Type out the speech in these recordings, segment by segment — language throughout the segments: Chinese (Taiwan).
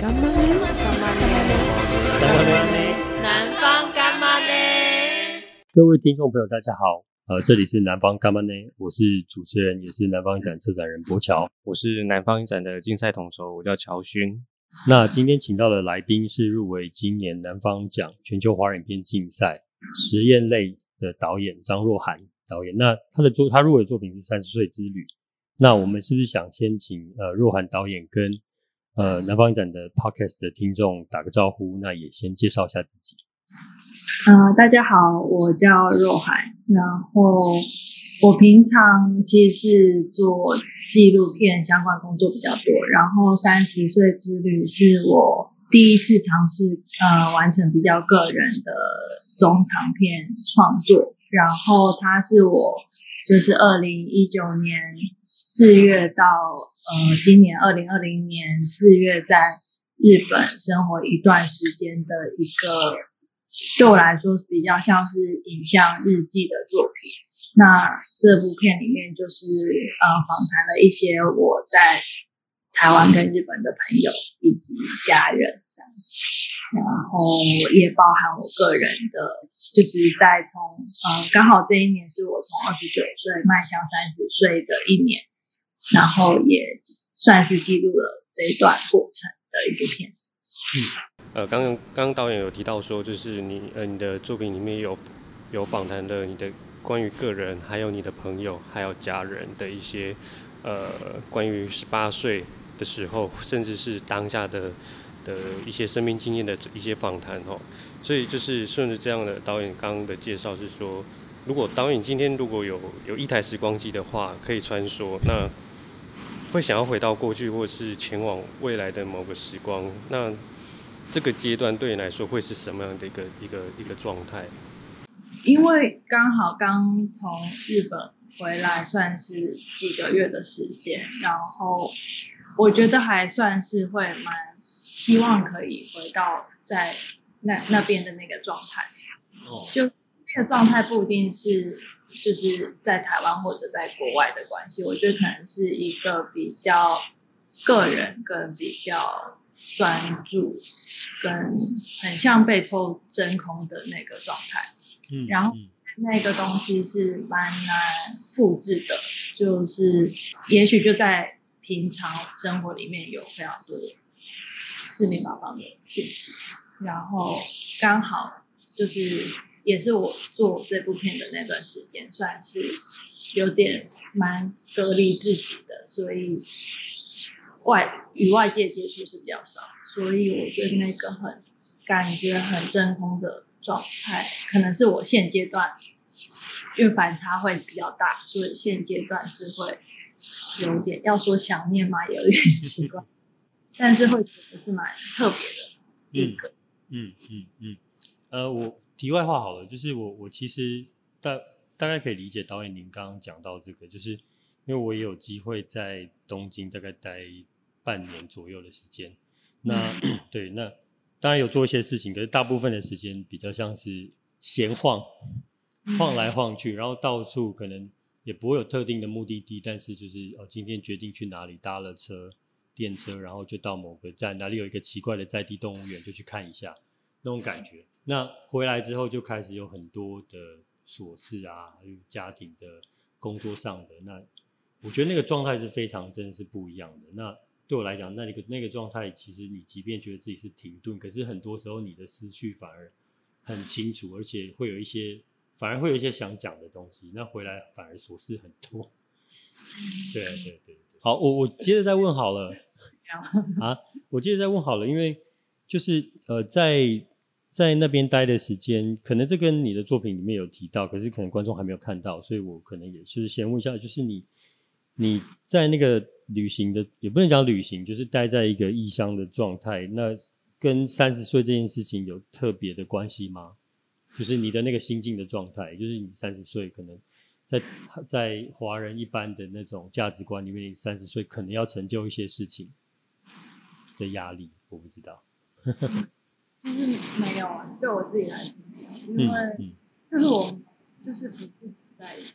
甘啊捏？甘啊捏？甘啊捏！各位聽眾朋友，大家好。呃，這裡是南方甘啊捏，我是主持人，也是南方影展策展人柏喬。我是南方影展的競賽統籌，我叫喬勛。 那今天請到的來賓是入圍今年南方獎全球華人片競賽實驗類的導演張若涵導演。那他的作，他入圍的作品是《三十歲之旅》。那我們是不是想先請呃若涵導演跟？呃，南方影展的 podcast 的聽眾打個招呼，那也先介紹一下自己。呃，大家好，我叫若涵，然後我平常其實是做紀錄片相關工作比較多，然後三十歲之旅是我第一次嘗試呃完成比較個人的中長片創作，然後他是我就是二零一九年四月到呃，今年二零二零年四月在日本生活一段時間的一個，對我來說比較像是影像日記的作品。那這部片裡面就是呃，訪談了一些我在台灣跟日本的朋友以及家人這樣子，然後也包含我個人的，就是在從呃，剛好這一年是我從二十九歲邁向三十歲的一年。然後也算是記錄了這一段過程的一部片子。嗯，呃，剛剛導演有提到說，就是你呃，你的作品裡面有有訪談的你的關於個人，還有你的朋友，還有家人的一些呃，關於十八歲的時候，甚至是當下的的一些生命經驗的一些訪談哦。所以就是順着這樣的導演剛剛的介紹是說，如果導演今天如果有有一台時光機的話，可以穿梭那。會想要回到過去，或是前往未來的某個時光，那這個階段對你來說會是什麼樣的一個一個一個狀態？因為剛好剛從日本回來，算是幾個月的時間，然後我覺得還算是會蠻希望可以回到在那那邊的那個狀態。哦，就那個狀態不一定是，就是在台灣或者在國外的關係，我覺得可能是一個比較個人跟比較專注，跟很像被抽真空的那個狀態。嗯，嗯，然後那個東西是蠻難複製的，就是也許就在平常生活裡面有非常多的四面八方的訊息，然後剛好就是。也是我做這部片的那段時間，算是有點蠻隔離自己的，所以外與外界接觸是比較少，所以我覺得那個很感覺很真空的狀態，可能是我現階段，因為反差會比較大，所以現階段是會有點要說想念嗎？有點奇怪， 但是會覺得是蠻特別的一個，嗯嗯嗯，嗯，呃我。題外話好了，就是我我其實大大概可以理解導演您剛剛講到這個，就是因為我也有機會在東京大概待半年左右的時間。那對那當然有做一些事情，可是大部分的時間比較像是閒晃，晃來晃去，然後到處可能也不會有特定的目的地，但是就是哦今天決定去哪裡，搭了車，電車，然後就到某個站，哪裡有一個奇怪的在地動物園就去看一下。那種感覺，那回來之後就開始有很多的瑣事啊，還有家庭的、工作上的。那我覺得那個狀態是非常真的是不一樣的。那對我來講，那個那個狀態，其實你即便覺得自己是停頓，可是很多時候你的思緒反而很清楚，而且會有一些，反而會有一些想講的東西。那回來反而瑣事很多。對對對對，對，好，我我接着再問好了。啊，我接着再問好了，因為。就是呃，在在那邊待的時間，可能這跟你的作品裡面有提到，可是可能觀眾還沒有看到，所以我可能也是先問一下，就是你你在那個旅行的，也不能講旅行，就是待在一個異鄉的狀態，那跟三十歲這件事情有特別的關係嗎？就是你的那個心境的狀態，就是你三十歲可能在在華人一般的那種價值觀裡面，你三十歲可能要成就一些事情的壓力，我不知道。 嗯，就是沒有啊，對我自己來說沒有，因為就是我就是不是很在意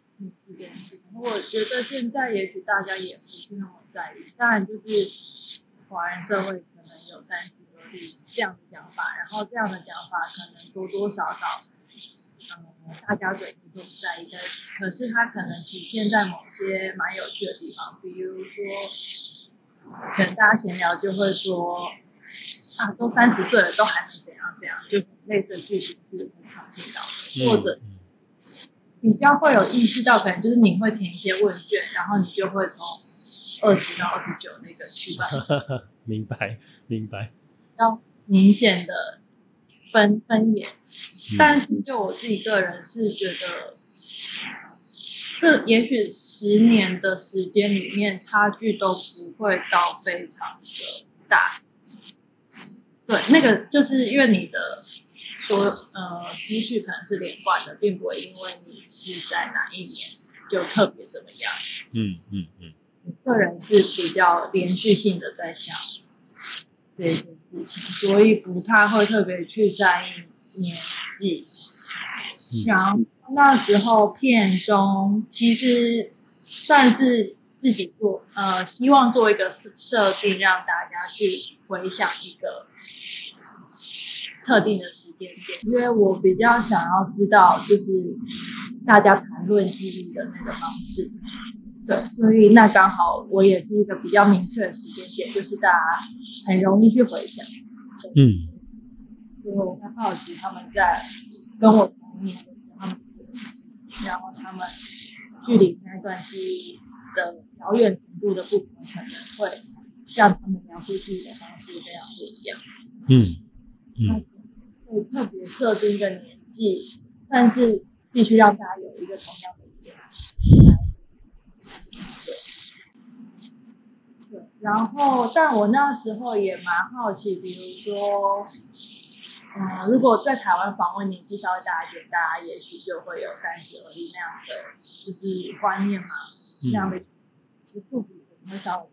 這件事，我覺得現在也許大家也不是那麼在意，當然就是華人社會可能有三十而立這樣的講法，然後這樣的講法可能多多少少，嗯，大家嘴皮都不在意的，可是它可能體現在某些蠻有趣的地方，比如說可能大家閒聊就會說。啊、都三十歲了，都還能怎樣怎樣？就類似劇情是很常聽到的，嗯、或者比較會有意識到，可能就是你會填一些問卷，然後你就會從二十到二十九那個區吧。 明白，明白。要明顯的分分野，嗯、但是就我自己個人是覺得，呃、這也許十年的時間裡面，差距都不會到非常的大。那個就是因為你的說呃思緒可能是連貫的，並不會因為你是在哪一年就特別怎麼樣。嗯嗯嗯，嗯嗯，個人是比較連續性的在想這件事情，所以不太會特別去在意年紀。嗯、然後那時候片中其實算是自己做呃希望做一個設定，讓大家去回想一個特定的時間點，因為我比較想要知道，就是大家談論記憶的那個方式。對，所以那剛好我也是一個比較明確的時間點，就是大家很容易去回想。嗯。所以我很好奇他們在跟我同年他們，然後他們距離那段記憶的遙遠程度的不同，可能會讓他們描述記憶的方式非常不一樣。嗯嗯。嗯特別設定一個年紀，但是必須讓大家有一個同樣的認識。對，對。然後，但我那時候也蠻好奇，比如說，嗯，如果在台灣訪問年紀稍微大一點，大家也許就會有三十而立那樣的就是觀念嘛，那樣的，就復古的很少。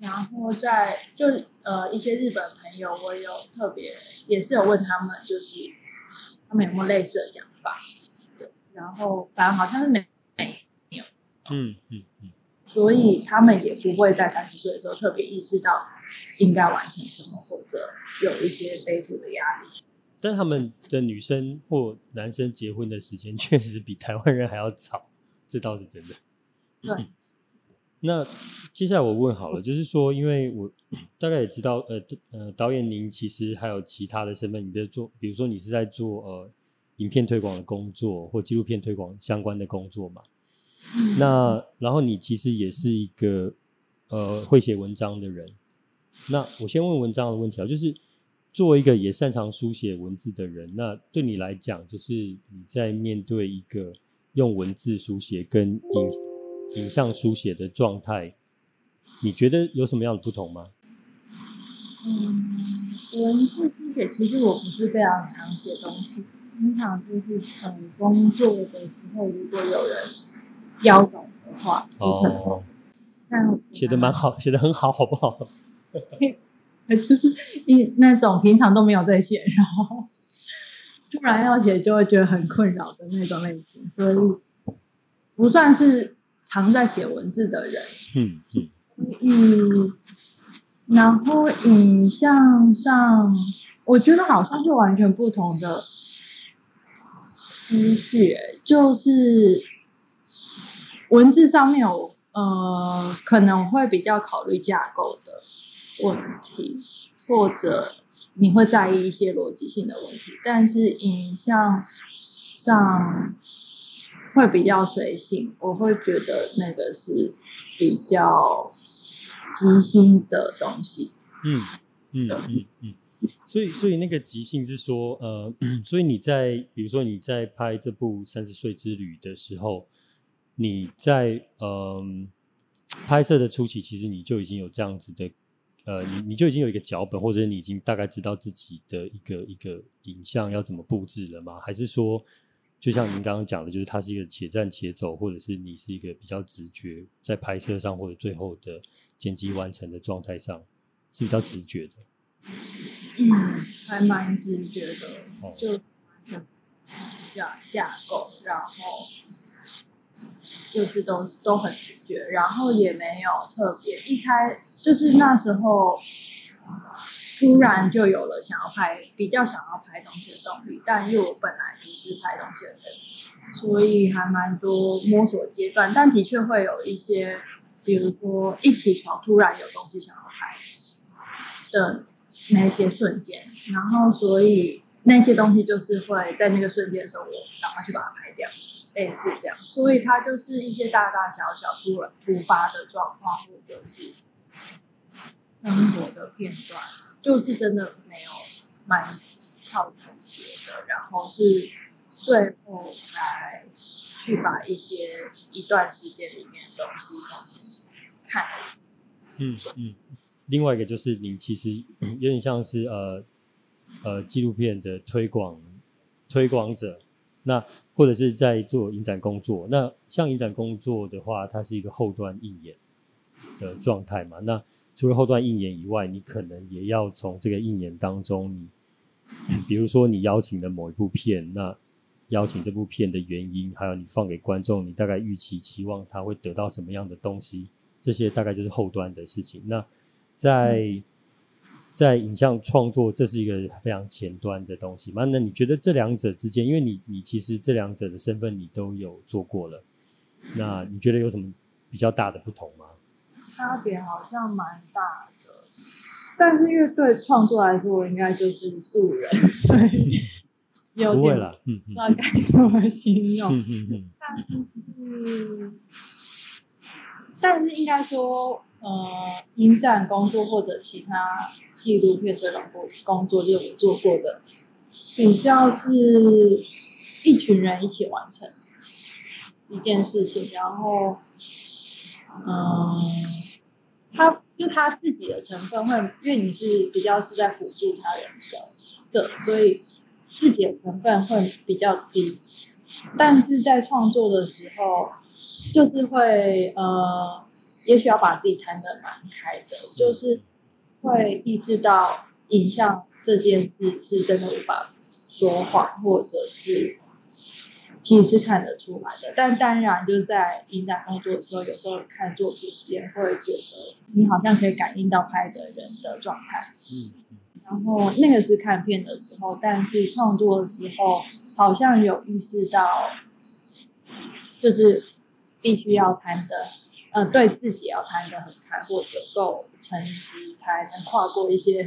然後在就呃一些日本朋友，我有特別也是有問他們，就是他們有沒有類似的講法？然後反正好像是沒有，嗯嗯嗯，嗯嗯，所以他們也不會在三十歲的時候特別意識到應該完成什麼或者有一些背負的壓力。但他們的女生或男生結婚的時間確實比台灣人還要早，這倒是真的。嗯、對，那。接下來我問好了，就是說，因為我大概也知道，呃，呃，導演您其實還有其他的身份，你在做，比如說你是在做呃影片推廣的工作或紀錄片推廣相關的工作嘛？那然後你其實也是一個呃會寫文章的人。那我先問文章的問題啊，就是作為一個也擅長書寫文字的人，那對你來講，就是你在面對一個用文字書寫跟影影像書寫的狀態。你覺得有什麼樣的不同嗎？嗯，文字書寫其實我不是非常常寫東西，平常就是等工作的時候，如果有人要懂的話哦，哦，哦，那寫的蠻好，寫的很好，好不好？就是一那種平常都沒有在寫，然後突然要寫就會覺得很困擾的那種類型，所以不算是常在寫文字的人。嗯嗯。嗯嗯，然後影像上，我覺得好像是完全不同的思緒。就是文字上面有，呃，可能會比較考慮架構的問題，或者你會在意一些邏輯性的問題，但是影像上。會比較隨性，我會覺得那個是比較即興的東西。嗯嗯對嗯嗯，所以所以那個即興是說，呃，所以你在比如說你在拍這部《三十歲之旅》的時候，你在嗯、呃、拍攝的初期，其實你就已經有這樣子的，呃，你你就已經有一個腳本，或者你已經大概知道自己的一個一個影像要怎麼佈置了嗎？還是說？就像您剛剛講的，就是它是一個且戰且走，或者是你是一個比較直覺，在拍攝上或者最後的剪輯完成的狀態上是比較直覺的。嗯，還蠻直覺的，嗯、就架架構，然後就是都，都很直覺，然後也沒有特別一開，就是那時候。突然就有了想要拍，比較想要拍東西的動力，但又我本來不是拍東西的人，所以還蠻多摸索階段。但的確會有一些，比如說一起床突然有東西想要拍的那些瞬間，然後所以那些東西就是會在那個瞬間的時候，我趕快去把它拍掉。類似這樣，所以它就是一些大大小小突然突發的狀況，或者是生活的片段。就是真的沒有蠻靠主的，然後是最後才去把一些一段時間裡面的東西重新看。嗯嗯，另外一個就是你其實有點像是呃呃紀錄片的推廣推廣者，那或者是在做影展工作，那像影展工作的話，它是一個後端應演的狀態嘛？那除了後端映演以外，你可能也要從這個映演當中你，你、嗯、比如說你邀請的某一部片，那邀請這部片的原因，還有你放給觀眾，你大概預期期望他會得到什麼樣的東西，這些大概就是後端的事情。那在在影像創作，這是一個非常前端的東西嘛？那你覺得這兩者之間，因為你你其實這兩者的身份你都有做過了，那你覺得有什麼比較大的不同嗎？差別好像蠻大的，但是因為對創作來說，應該就是素人， 對有點不了，嗯、不知道該怎麼形容。嗯嗯嗯嗯、但是，嗯、但是應該說，呃，影展工作或者其他紀錄片這種工工作，就有做過的，比較是一群人一起完成一件事情，然後。嗯，他就他自己的成分會，因為你是比較是在輔助他人的角色，所以自己的成分會比較低。但是在創作的時候，就是會呃，也許要把自己攤得蠻開的，就是會意識到影像這件事是真的無法說謊，或者是。其實是看得出來的，但當然就是在影展工作的時候，有時候看作品也會覺得你好像可以感應到拍的人的狀態、嗯。嗯，然後那個是看片的時候，但是創作的時候好像有意識到，就是必須要拍的，呃，對自己要拍的很開，或者夠誠實，才能跨過一些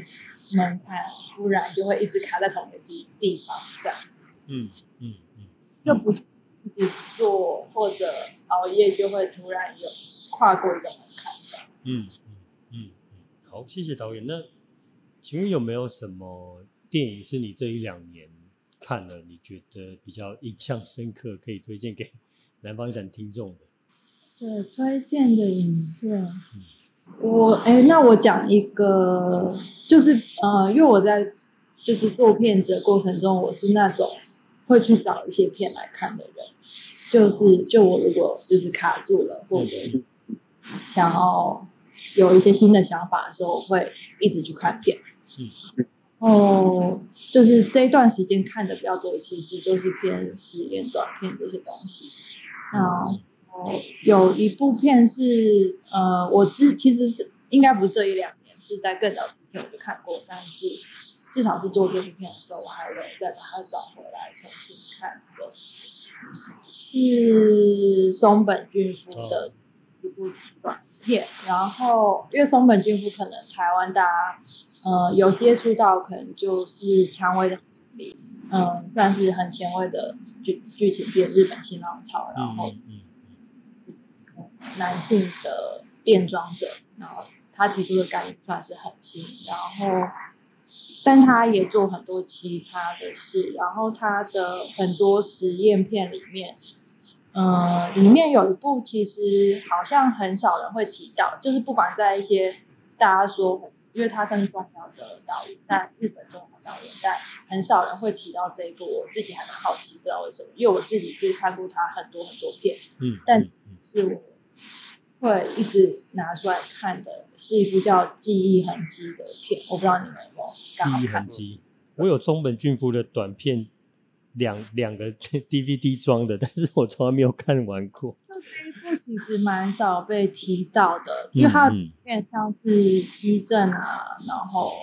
門檻，不然就會一直卡在同一個地，地方上、嗯。嗯嗯。又不是自己做或者熬夜就會，突然有跨過一個門檻。嗯嗯嗯嗯。好，謝謝導演。那請問有沒有什麼電影是你這一兩年看了，你覺得比較印象深刻，可以推薦給南方影展聽眾的？對，推薦的影片，嗯、我哎、欸，那我講一個，就是呃，因為我在就是做片子的過程中，我是那種。會去找一些片來看的人，就是就我如果就是卡住了，或者是想要有一些新的想法的時候，我會一直去看片。哦、嗯，就是這一段時間看的比較多，其實就是偏實驗短片這些東西。然後，然後有一部片是呃，我之其實是應該不是這一兩年，是在更早之前我就看過，但是。至少是做這部片的時候，我還有再把它找回來重新看的，是松本俊夫的一部短片。Oh. 然後，因為松本俊夫可能台灣大家，呃，有接觸到可能就是薔薇的力，嗯、呃，算是很前衛的劇劇情片，日本新浪潮，然後，oh. 男性的變裝者，然後他提出的概念算是很新，然後。但他也做很多其他的事，然後他的很多實驗片裡面，呃，裡面有一部其實好像很少人會提到，就是不管在一些大家說，因為他算是重要的導演，但日本重要導演，但很少人會提到這一部。我自己還蠻好奇，不知道為什麼，因為我自己是看過他很多很多片，嗯，但是。我。會一直拿出來看的是一部叫《記憶痕跡》的片，我不知道你們有沒有看。記憶痕跡，對我有松本俊夫的短片兩兩個 DVD 裝的，但是我從來沒有看完過。這一部其實蠻少被提到的， 因為它因為像是西鎮啊，嗯、然後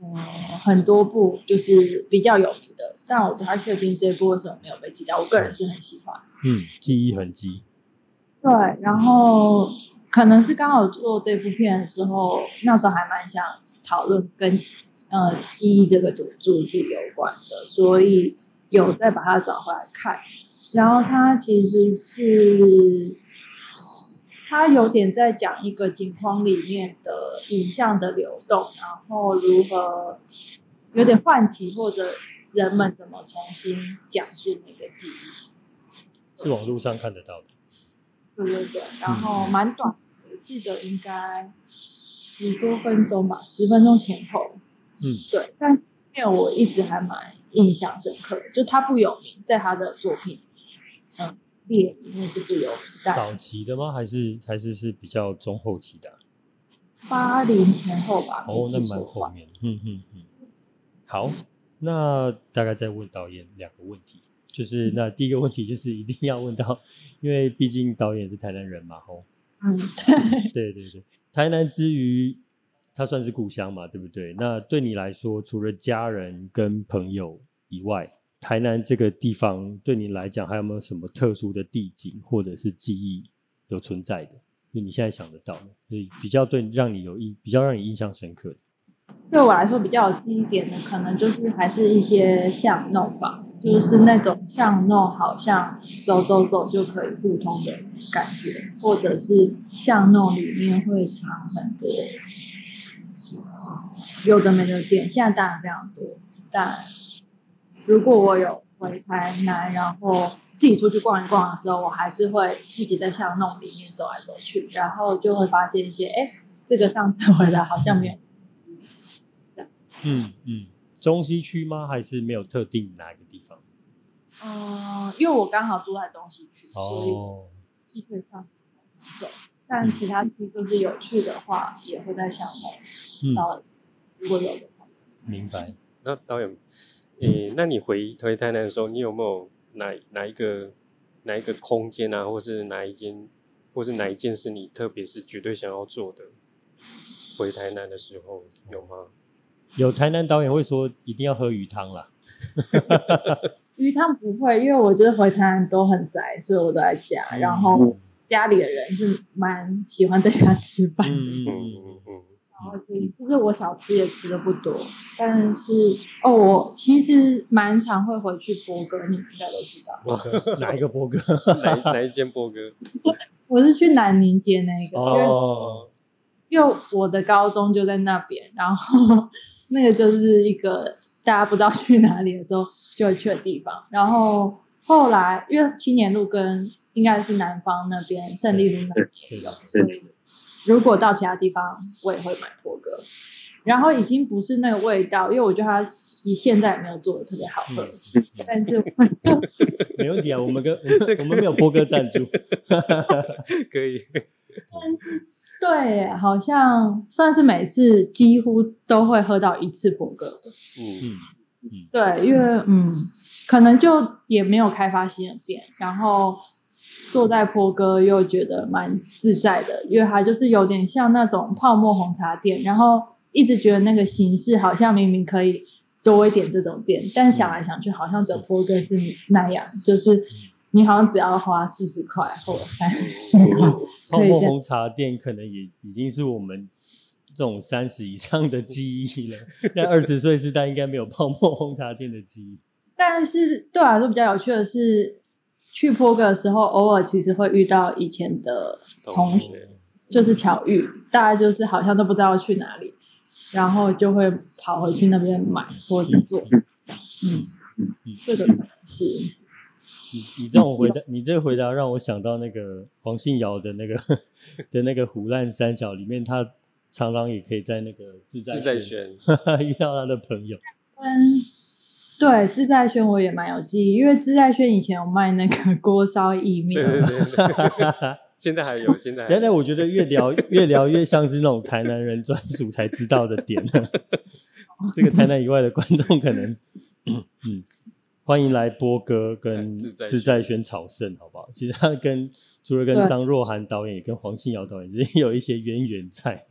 嗯很多部就是比較有名的，但我不太確定這部為什麼沒有被提到。我個人是很喜歡，嗯，記憶痕跡。對，然後可能是剛好做這部片的時候，那時候還蠻想討論跟，呃，記憶這個主題有關的，所以有再把它找回來看。然後它其實是，它有點在講一個景框裡面的影像的流動，然後如何有點換題或者人們怎麼重新講述那個記憶，是網路上看得到的。對對對，然後蠻短，我、嗯、記得應該十多分鐘吧，十分鐘前後。嗯，對。但那我一直還蠻印象深刻的，就他不有名，在他的作品嗯列裡面是不有名的。早期的嗎？還是還是是比較中後期的？八零前後吧。哦，那蠻後面。嗯嗯嗯。好，那大概再問導演兩個問題。就是那第一個問題就是一定要問到，因為畢竟導演是台南人嘛，吼。嗯，對對對，台南之於，它算是故鄉嘛，對不對？那對你來說，除了家人跟朋友以外，台南這個地方對你來講，還有沒有什麼特殊的地景或者是記憶有存在的？就你現在想得到的，所以比較對讓你有印，比較讓你印象深刻的。對我來說比較有經典的，可能就是還是一些巷弄吧，就是那種巷弄好像走走走就可以互通的感覺，或者是巷弄裡面會藏很多有的沒的店，現在當然非常多。但如果我有回台南，然後自己出去逛一逛的時候，我還是會自己在巷弄裡面走來走去，然後就會發現一些，哎，這個上次回來好像沒有。嗯嗯，中西區嗎？還是沒有特定哪一個地方？呃、因為我剛好住在中西區，哦、所以會去逛、走，但其他區就是有去的話，嗯、也會在想的。稍微，嗯，如果有的話，明白。那導演，誒、欸，那你回回台南的時候，你有沒有哪哪一個哪一個空間啊，或是哪一間，或是哪一件，是你特別是絕對想要做的？回台南的時候有嗎？有台南導演會說一定要喝魚湯啦，魚湯不會，因為我覺得回台南都很宅，所以我都在家。然後家裡的人是蠻喜歡在家吃飯的，嗯嗯嗯。然後就是我小吃也吃的不多，但是哦，我其實蠻常會回去波哥，你應該都知道。波哥。哪一個波哥？哪哪一間波哥？我是去南寧街那個，因、哦、因為我的高中就在那邊，然後。那個就是一個大家不知道去哪裡的時候就會去的地方，然後後來因為青年路跟應該是南方那邊勝利路那邊，對、如果到其他地方我也會買波哥，然後已經不是那個味道，因為我覺得他以現在也沒有做的特別好喝，嗯、但是，是 沒問題啊，我們跟我們沒有波哥贊助， 可以，對，好像算是每次幾乎都會喝到一次波哥的嗯。嗯對，因為嗯，可能就也沒有開發新的店，然後坐在波哥又覺得蠻自在的，因為它就是有點像那種泡沫紅茶店，然後一直覺得那個形式好像明明可以多一點這種店，但想來想去好像只有波哥是那樣，就是你好像只要花四十塊或三十塊。嗯泡沫紅茶店可能也已經是我們這種三十以上的記憶了，在二十歲時代應該沒有泡沫紅茶店的記憶。但是對我來說比較有趣的是，去波哥的時候，偶爾其實會遇到以前的同學，Okay. 就是巧遇，大家就是好像都不知道去哪裡，然後就會跑回去那邊買或者做、嗯。嗯嗯嗯，這個是。你你讓我回答，嗯、你這個回答讓我想到那個黃信堯的那個的那個《唬爛三小》裡面，他常常也可以在那個自在自在軒 遇到他的朋友。嗯、對自在軒我也蠻有記憶，因為自在軒以前有賣那個鍋燒意麵。現在還有？現在有。 現在我覺得越聊越聊越像是那種台南人專屬才知道的點、啊， 這個台南以外的觀眾可能。嗯。嗯歡迎來波哥跟自在宣炒勝，好不好？其實他跟除了跟張若涵導演，跟黃信堯導演也有一些淵源,源在。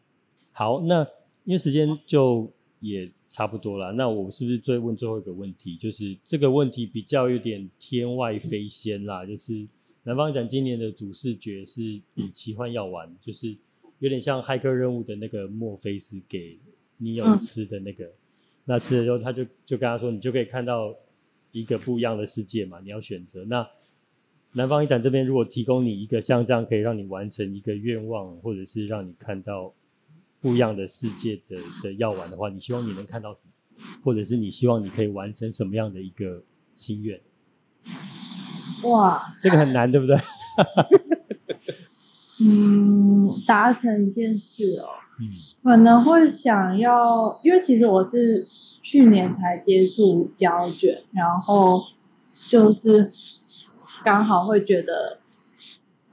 好，那因為時間就也差不多了，那我是不是再問最後一個問題？就是這個問題比較有點天外飛仙啦，就是南方展今年的主視覺是奇幻藥丸，就是有點像《駭客任務》的那個墨菲斯給你有吃的那個，嗯、那吃了之後他就就跟他說，你就可以看到。一個不一樣的世界嘛，你要選擇。那南方影展這邊如果提供你一個像這樣可以讓你完成一個願望，或者是讓你看到不一樣的世界的的藥丸的話，你希望你能看到什麼？或者是你希望你可以完成什麼樣的一個心願？哇，這個很難，對不對？ 嗯，達成一件事哦，嗯、可能會想要，因為其實我是。去年才接觸膠卷，然後就是剛好會覺得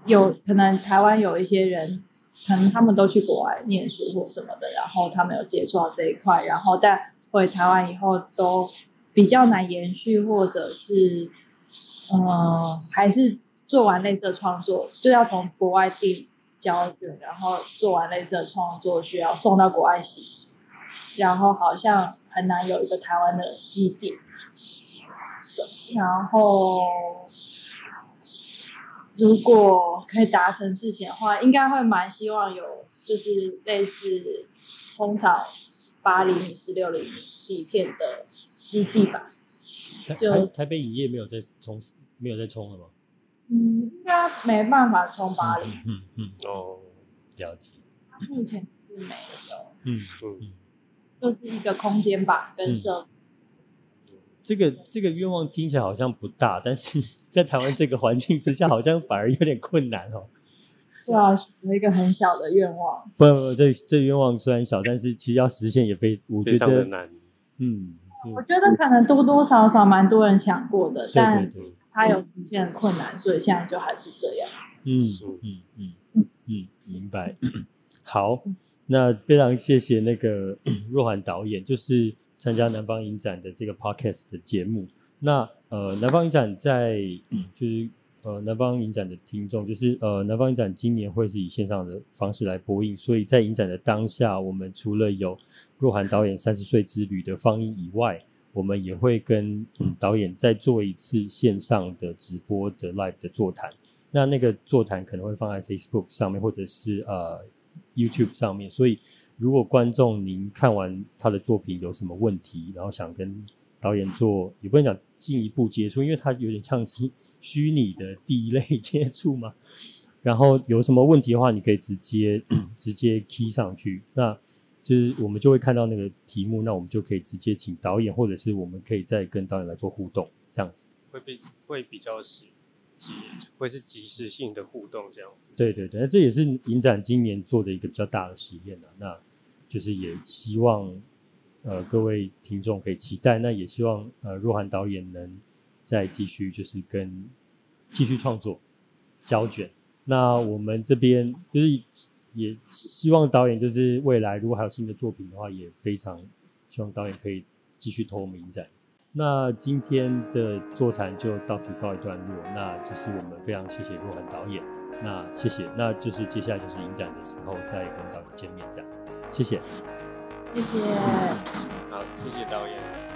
有可能台灣有一些人，可能他們都去國外念書或什麼的，然後他們有接觸到這一塊，然後但回台灣以後都比較難延續，或者是嗯、呃、還是做完類似的創作就要從國外訂膠卷，然後做完類似的創作需要送到國外洗。然後好像很難有一個台灣的基地，然後如果可以達成事情的話，應該會蠻希望有，就是類似沖掃八厘米、十六釐米底片的基地吧。就台，台北影業沒有在沖，沒有在沖了嗎？嗯，應該沒辦法沖八釐。嗯嗯、嗯、嗯哦，了解。它目前是沒有。嗯嗯嗯。嗯就是一個空間吧，跟上、嗯、這個這個願望聽起來好像不大，但是在台灣這個環境之下，好像反而有點困難哦。 對啊，一個很小的願望。不不，這這願望雖然小，但是其實要實現也非我覺得常的難。嗯，嗯嗯我覺得可能多多少少蠻多人想過的，對對對但他有實現的困難，對所以現在就還是這樣。嗯嗯嗯嗯，明白。好。那非常謝謝那個若涵導演，就是參加南方影展的這個 podcast 的節目。那呃，南方影展在就是呃，南方影展的聽眾就是呃，南方影展今年會是以線上的方式來播映，所以在影展的當下，我們除了有若涵導演《三十歲之旅》的放映以外，我們也會跟導演再做一次線上的直播的 live 的座談。那那個座談可能會放在 Facebook 上面，或者是呃。YouTube 上面，所以如果觀眾您看完他的作品有什麼問題，然後想跟導演做，也不能講進一步接觸，因為他有點像是虛擬的第一類接觸嘛。然後有什麼問題的話，你可以直接直接 key 上去，那就是我們就會看到那個題目，那我們就可以直接請導演，或者是我們可以再跟導演來做互動，這樣子會比會比較是。會是即時性的互動這樣子。對對對，那這也是影展今年做的一個比較大的實驗了啊。那就是也希望呃各位聽眾可以期待，那也希望呃若涵導演能再繼續就是跟繼續創作膠卷。那我們這邊就是也希望導演就是未來如果還有新的作品的話，也非常希望導演可以繼續投我們影展。那今天的座談就到此告一段落。那這是我們非常謝謝若涵導演。那謝謝，那就是接下來就是影展的時候再跟導演見面這樣。謝謝，謝謝，好，謝謝導演。